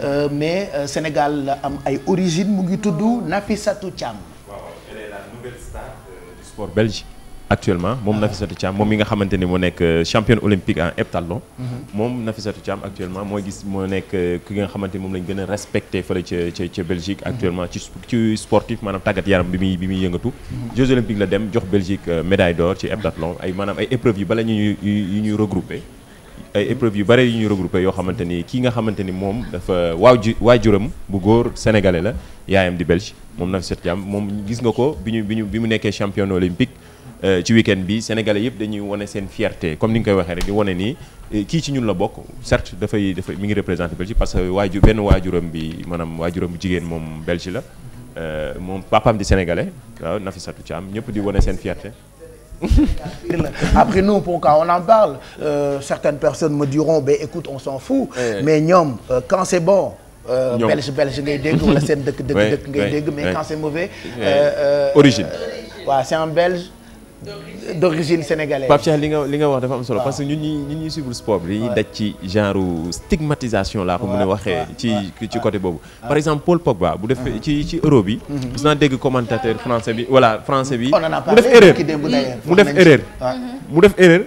Euh, mais euh, Sénégal la am ay origine mu ngi tudd Nafissatou Thiam. waaw elle est la nouvelle star euh, du sport belge. actuellement moom ah. Nafissatou Thiam moom mi nga xamante ni moo nekk championne olympique en heptathlon. Mhm. moom Nafissatou Thiam actuellement mooy gis moo nekk ki nga xamante ni moom lañ gën a respecté fële ca ca ca Belgique. actuellement mhm. ci ci sportif maanaam tàggat yaram bi muy bi muy yëngatu. Mhm. Jeux olympiques la dem jox Belgique médaille d'or ci heptathlon ay maanaam ay épreuves yu bala ñu ñuy yu ñuy regroupé. ay épreuves yu bare yu ñu regroupé yoo xamante ni kii nga xamante ni moom dafa waaju waajuram bu góor sénégalais la yaayam di belge moom Nafissatou Thiam moom gis nga ko bi ñu bi ñu bi mu nekkee championne olympique euh, ci week bi sénégalais yëpp dañuy wane seen fierté comme ni nga koy waxee rek di wane nii euh, kii ci ñun la bokk certes dafay dafa mi ngi représenté belge parce que waaju benn waajuram bi maanaam waajuram bu jigéen moom belge la euh, moom papam di sénégalais waaw Nafissatou Thiam ñëpp di wane seen fierté après nous pour quand on en parle euh, certaines personnes me diront ben écoute on s'en fout hey, eh. mais ñoom euh, quand c'est bon euh, belge belge ngay dégg wala seen dëkk dëkk dëkk ngay dégg mais quand c'est mauvais euh, euh, origine waaw c'est en belge d'origine sénégalaise. Pape Cheikh li nga li nga wax dafa am solo. parce que ñun ñi ñun ñuy suivre sport bi. dañuy daj ci genre stigmatisation laa ko mën a waxee. ci ci côté boobu. par exemple Paul Pogba bu def mm-hmm. ci ci euro bi. gis mm-hmm. naa dégg commentateur français bi voilà français bi. mu def erreur mu def erreur. mu def erreur.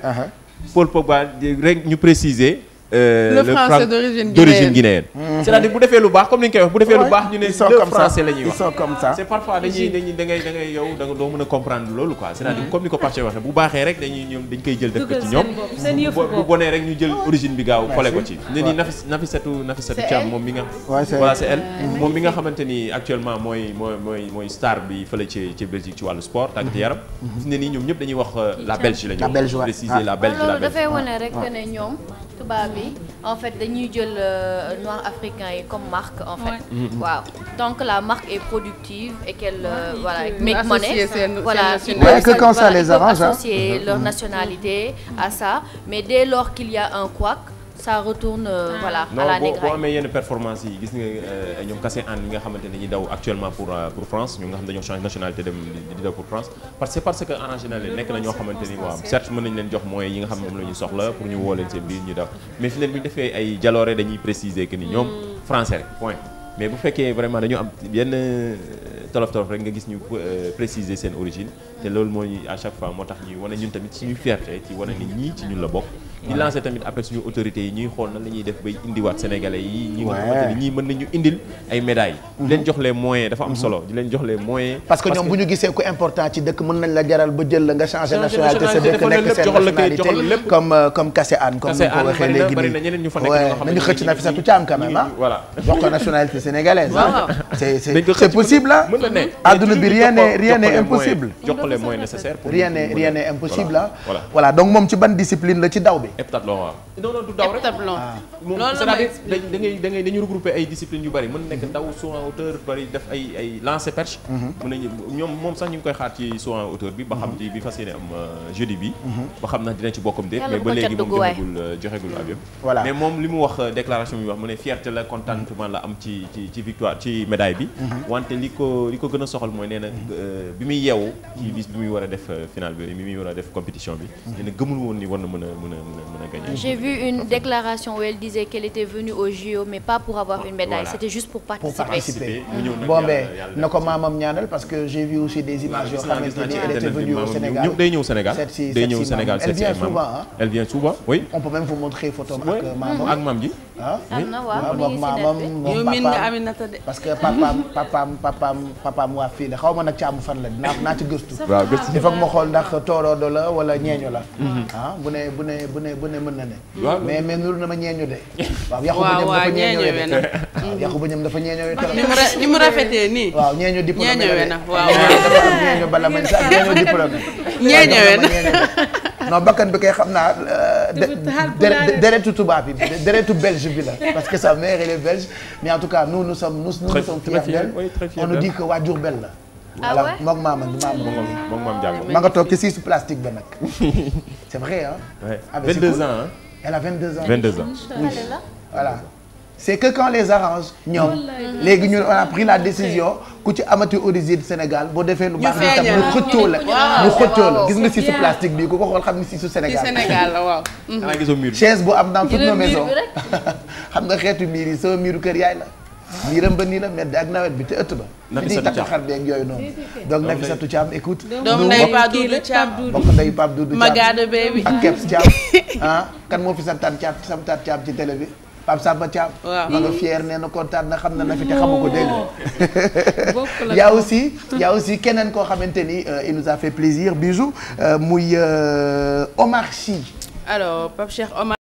Paul Pogba rek ñu préciser. Euh, le français d'origine guinéenne mm-hmm. cest bu defee lu baax comme ni koy wax bu defee lu baax ñu ne le français la ñuy wax comme ça c'est parfois dañuy dañuy da ngay da doo mën a comprendre loolu quoi cest mm-hmm. comme ni ko partie wax ne bu baaxee rek dañuy ñoom dañ koy jël def ko ci bi gaaw xole ko ci ne ni moom mi nga voilà c'est elle mm-hmm. moom mi nga xamante ni actuellement mooy mooy mooy mooy ci ci Belgique ci wàllu sport tàggat yaram gis ne nii ñoom ñëpp dañuy wax euh, la Belge la ñu la ah, Belge la dafay ah. wane rek ne ñoom yi en fait dañuy jël euh, noir africain yi comme marque en fait mm-hmm. waaw tant que la marque est productive et qu'elle euh, voilà make money voilà que quand ça les arrange associer mm-hmm. leur nationalité à ça mais dès lors qu'il y a un couac ça retourne euh, ah. voilà non, à performance yi gis nga euh, ñoom kase an yi nga xamante ne ñi daw actuellement pour euh, pour France ñoom nga xam ne dañoo changé nationalité dem di daw pour France parce que c'est parce que arrangé na leen nekk na ñoo xamante ni waaw certes mën nañ leen jox moyens yi nga xam moom la soxla pour ñu woo leen seen biir ñu daw mais fi leen bu ñu defee ay jaloore dañuy préciser que ni ñoom mm. français rek point mais bu fekkee vraiment dañoo am yenn euh, tolof tolof rek nga gis ñu préciser seen origine loolu moo ñuy à fois moo tax ñuy wane ñun tamit suñu fierté ñii ci ñun la bokk di lancé tamit appel suñu autorités yi ñuy xool na la ñuy def bay indiwaat sénégalais yi ñi nga nañu indil ay médailles di leen mhm. jox les moyens dafa am mhm. solo di leen jox les moyens parce que ñoom bu ñu gisee ku important ci dëkk mën nañ la jaral ba jël nga changé nationalité sa euh, ko waxee léegi nii waaw nañu xëcc na fi sax tu caam quand même ah voilà jox ko nationalité sénégalaise ah. c'est c'est possible ah. a adduna bi rien n'est rien n'est impossible jox les moyens nécessaires rien impossible ah donc moom ci ban discipline la ci daw bi heptathlon waaw. non non du daw rek heptathlon. moom ah. c'est-à-dire da daw saut en hauteur def ay ay lancer perche. Mhm. mën nañu moom sax ñu ngi koy xaar ci saut en bi. ba xam mhm. ci bi fas yéene am euh, jeudi bi. Mhm. ba xam na dina ci bokkam déet. mais ba léegi moom joxegul euh, joxegul avion. voilà mais moom li mu wax euh, déclaration bi wax mu ne fierté la contentement la am ci victoire ci médaille bi. wante li ko li ko gën a soxal mooy nee bi muy yeewu. bi muy war a def final bi muy war a def compétition bi. mën a gagner. j'ai vu une déclaration où elle disait qu'elle était venue au JO mais pas pour avoir une médaille. c'était juste pour participer pour participer. bon ben na ko maamam ñaanal parce que j'ai vu aussi des images yoo xamante ni elle était venue au Sénégal ñëw Sénégal day ñëw Sénégal elle vient souvent elle vient souvent vous montrer photo ak euh, ak maam ji. ah am na waaw mi ngi si dëkk bi yow miin nga Aminata de. parce que papaam papaam papaam papaam waa fii de xaw ma nag caamu fan la dinaa naa ci gëstu. waaw gëstu il ma xool ndax tooroodo la wala ñeeño la. Mhm. ah bu ne bu ne bu ne bu ne mën na ne. mais mais nuru na ma ñeeño de. waaw yàqu ba dafa ñeeño we na. waaw yàqu ni mu rafetee nii. waaw ñeeño diplômé ñeeño ñeeño we na non bakkan bi kay xam naa deretu tubaab bi deretu belge bi la parce que sa mère elle est belge mais en tout cas nous nous sommes nous nous sommes fiers d'elle on nous dit que waa Diourbel la voilà moom maama maam jàngo ma nga toog ci siisu plastique ba nag c'est vrai ah avec 22 ans elle a 22 ans 22 ans voilà c'est que quand les arrange ñoom léegi ñun on a pris la décision ku ci amati origine Sénégal boo defee lu baax tam ñu xëccoo la gis nga si su plastique bi ku ko xool xam ni si su Sénégal waaw chaise bu am dans toutes nos maisons xam nga xeetu miir yi sama miiru kër yaay la miiram ba nii la medd ak nawet bi te ëtt ba fi di takk xar beeg yooyu noonu donc Nafissatou Thiam écoute doom nday Pape Doudou Thiam bokk nday Pape Doudou moo fi santaan Thiam samtaat Thiam ci télé bi Pape Samba Thiam. waaw ma fier nee na kontaan na xam na na fi te xa ko dégg nga. y'a aussi y'a aussi keneen koo xamante ni euh, il nous a fait plaisir bijou euh, muy euh, Omar Sy. alors Pape Cheikh Omar.